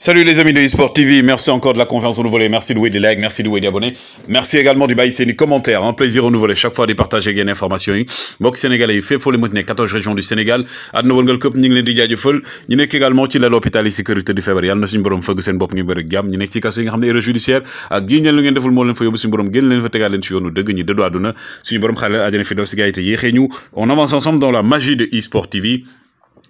Salut les amis de eSport TV, merci encore de la confiance renouvelée, merci de louer des likes, merci de louer des abonnés, merci également du bail, c'est des commentaires, un hein, plaisir renouvelé chaque fois de partager gain information yi hein. sénégalais yi fépp foo 14 régions du Sénégal àdduna wërngal këpp ñu ngi leen di jaajëfal ñu nekk également ci l'hôpital hôpital sécurité du février, yàlla na suñu borom fëgg seen de ngi bëri jàmm ñu nekk ci kaso yi nga xam ne judiciaire ak jii ñeen lu ngeen deful moo leen fa yóbbu suñu borom génn leen fa tegaat leen ci yoonu dëgg ñi dëddu àdduna suñu borom xaaleel àjjana fi daw si gars ñu on avance ensemble dans la magie de eSport TV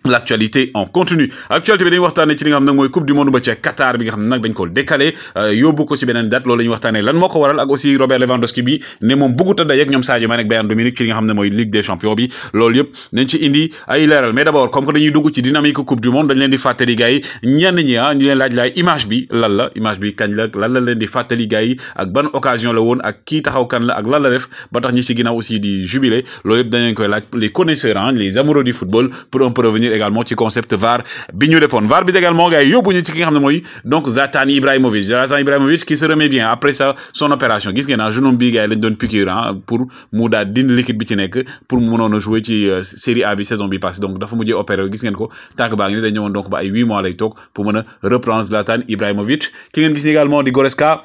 l'actualité en continu actualité bi dañuy waxtane ci li nga xam nak moy coupe du monde ba ci Qatar bi nga xam nak dañ ko décalé euh, yobou ko ci benen date loolu la waxtane lan moko waral ak aussi Robert Lewandowski bi né mom bëggut a daje ak ñoom Sadio Mané ak Bayern Munich ci li nga xam ne Ligue des champions bi loolu yëpp dañ ci indi ay léral mais d'abord comme que dañuy dugg ci dynamique coupe du monde dañ leen di fatali gaay yi ñenn ñi ha ah, ñu leen laaj laay image bi lan la image bi kañ la lan la leen di fatali gaay ak ban occasion la won ak ki taxaw kan la ak lan la def ba tax ñi ci ginaaw aussi di jubilé loolu yëpp dañ leen koy laaj les connaisseurs hein, les amoureux du football pour un peu revenir également ci concept VAR bi ñu VAR bi également gars yi yóbbu ñu ci donc Zlatan Ibrahimovic Zlatan Ibrahimovic qui se remet bien après sa son opération gis ngeen ah genou bi gars yi lañ doon piqûre ah, pour mu daal dindi liquide bi pour mu mënoon jouer ci euh, série A bi saison bi passée donc dafa mujjee opéré gis ngeen ko tànk baa ngi ni dañ ñëwoon donc ba huit mois lay pour reprendre Zlatan Ibrahimovic ki ngeen également di Goreska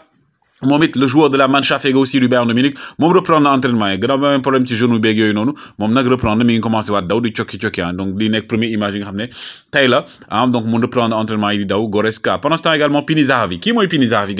momit le joueur de la Mannschaft aussi du Bayern de Munich mom reprendre na entraînement yi gannaaw problème ci genou beeg yoy noonu mom nak reprendre mi ngi commencé wat daw di choki choki hein. Ah. donc di nek première image yi nga xamné ne la ah. donc mu reprendre entraînement yi di daw Goretzka pendant ce temps également Pini Zahavi moy Pinizavi Pini Zahavi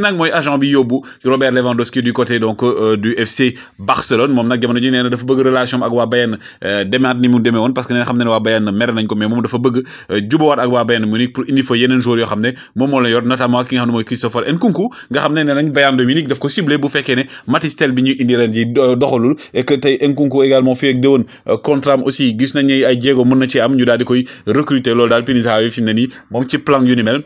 gars moy agent bi yóbbu Robert Lewandowski du côté donc euh, du FC Barcelone mom nag jamono ji nee dafa bëgg relation ak wa Bayern euh, demat ni mu demee woon parce que nee xamné wa Bayern mer nañ ko mais mom dafa bëgg euh, jubawaat ak wa Bayern Munich pour indi fo yenen joueurs yo xamné mom mo la yor notamment ki nga xamné moy Christopher Nkunku nga xamné ne nañ Bayern de Munich daf ko ciblé bu féké né Mathys Tel bi ñu indi ren ji doxalul et que tay Nkunku également fi ak déwoon euh, contrat aussi gis nañ ay djégo mëna ci am ñu dal di koy recruter lool dal pinisa wi fi mu ni nii ci plan yu ni mel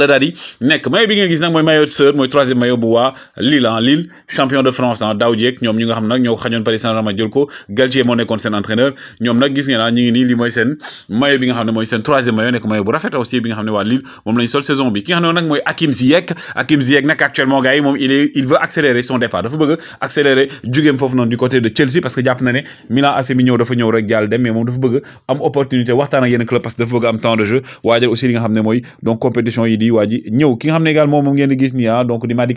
la daal di nekk maillot bi ngeen gis nak moy maillot sœur mooy troisième maillot bu waa Lille en hein. Lille champion de France en daaw ñom ñoom ñu nga xam nak ñoo ko Paris Saint-Germain jël ko Galtier mo nekkoon sen entraîneur ñom nak gis ngeen ah ñu ngi ni li moy sen maillot bi nga xam ne sen 3e maillot nek maillot bu rafet aussi bi nga xam ne wa Lille mom lañ sol saison bi ki nga xam nak moy mooy Hakim Ziyech Hakim Ziyech nag actuellement gaay mom il est il veut accélérer son départ dafa bëgg accélérer jugeem fofu non du côté de Chelsea parce que japp na ne Milan AC mi ñëw dafa ñëw rek jall dem mais mom dafa bëgg am opportunité waxtaan ak yenn club parce que dafa bëgg am temps de jeu waajal aussi li nga xam ne moy donc compétition yi di waa ji ñëw ki nga xam ne également moom ngeen di gis nii ah donc di Madi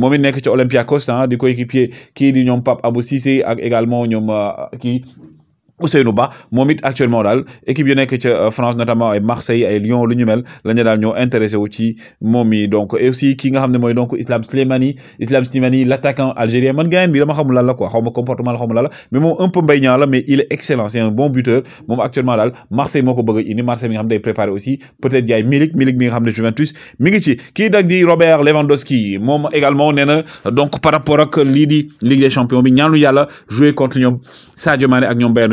moom it nekk ci Olympiakos ah di coéquipier kii di ñoom Pape Abou Cissé ak également ñoom ah, kii Ousseynou Ba momit actuellement dal équipe yu nek ci euh, France notamment ay Marseille ay Lyon lu ñu mel lañu dal ñoo intéressé wu ci momi donc et aussi ki nga xam moy donc Islam Slimani Islam Slimani l'attaquant algérien man gaayen bi dama xamul lan la quoi xawma comportement xawma la mais moom un peu mbay la mais il est excellent c'est est un bon buteur mom actuellement dal Marseille moko bëgg indi Marseille mi nga xam day préparer aussi peut être jay Milik Milik mi nga xam Juventus mi ngi ci ki dag di Robert Lewandowski mom également néna donc par rapport ak li di Ligue des Champions bi ñaanu Yalla jouer contre ñom Sadio Mané ak ñom Bayern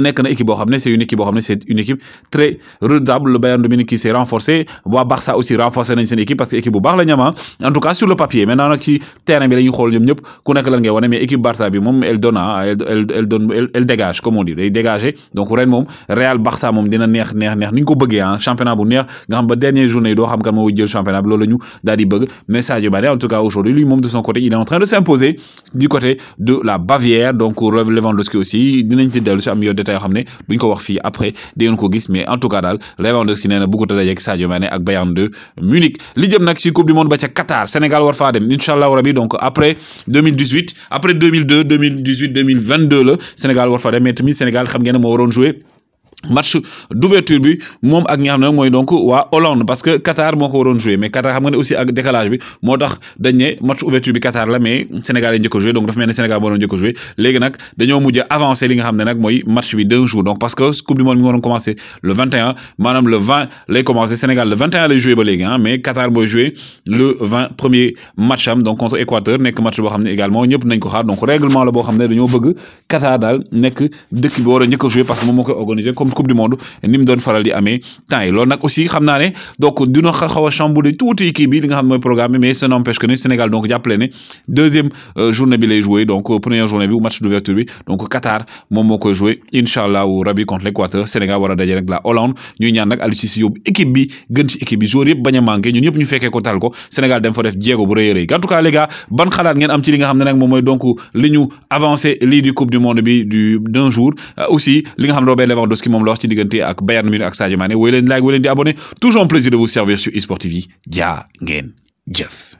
nek na équipe bo xamné c'est une équipe bo xamné c'est une équipe très redoutable le Bayern de Munich qui s'est renforcé waa Barça aussi renforcé nañ seen équipe parce que équipe bu baax la ñama ah. en tout cas sur le papier maintenant nag ci terrain bi lañu xol ñom ñep ku nek lan ngay wone mais équipe Barça bi mom ah, elle donne elle elle donne elle dégage comme on dit day dégager donc ren mom Real Barça mom dina neex neex neex niñ ko bëggee hein championnat bu neex nga xam ba dernière journée do xam kan moo jël championnat lolu lañu dal di bëgg mais Sadio Mané en tout cas aujourd'hui lui mom de son côté il est en train de s'imposer du côté de la Bavière donc Lewandowski aussi dinañ ci dellu am yo détail, des détails buñ ko wax fi après des ngeen ko gis mais en tout cas dal Lewandowski néna bu ko a ak Sadio Mané ak Bayern de Munich li jëm nak ci coupe du monde ba ca Qatar Sénégal war Inch'Allah, dem inshallah rabi donc après 2018 après 2002 2018 2022 le Sénégal war fa dem mais tamit Sénégal xam ngeen mo jouer match d'ouverture bi mom ak ñi nga xam donc wa Hollande parce que Qatar moko ko jouer mais Qatar xam nga aussi ak décalage bi motax dañ né match ouverture bi Qatar la mais Sénégal yi njëkk a donc dafa melni Sénégal bo doon njëkk a joué léegi nag dañoo mujj avancer. li nga xam ne nag mooy match bi deux jours donc parce que coupe du monde mi ngi commencer le 21 manam le 20 lay commencer Sénégal le 21 lay jouer ba légui hein ah mais Qatar boy jouer le 20 premier match am donc contre Équateur nek match bo xamné ne également ñëpp nañ ko xaar donc règlement la bo xamné ne dañoo bëgg Qatar dal nek dëkk bi war a njëkk jouer parce que mom moko organiser organisé comme coupe du monde ni mu doon faral di amé temps yi nak aussi xamna né donc dina xawa a chamboulé tuuti kii bi li nga xam moy programme bi mais ça n'empêche que ne Sénégal donc jàppale ne deuxième euh, journée bi lay jouer donc euh, première journée bi ou match d'ouverture bi donc Qatar mom moo jouer inshallah incha rabi contre l'Équateur Sénégal wara dajé daje la Hollande ñuy ñaan nak Aliou Cissé yóbbu équipe bi gën ci équipe bi joueur yépp baña a ñun ñëpp ñu féké ko tal ko Sénégal dem fa def jéego bu rëy a en tout cas les gars ban xalaat ngeen am ci li nga xamné nak mom moy donc liñu avancer li du coupe du monde bi du d'un jour euh, aussi li nga xam ne Robert Lewandowski moom lors de wax ci ak Bayern Munich ak Sadio Mané woy leen like woy leen di abonné toujours un plaisir de vous servir sur Esport TV Ja, gen jeff.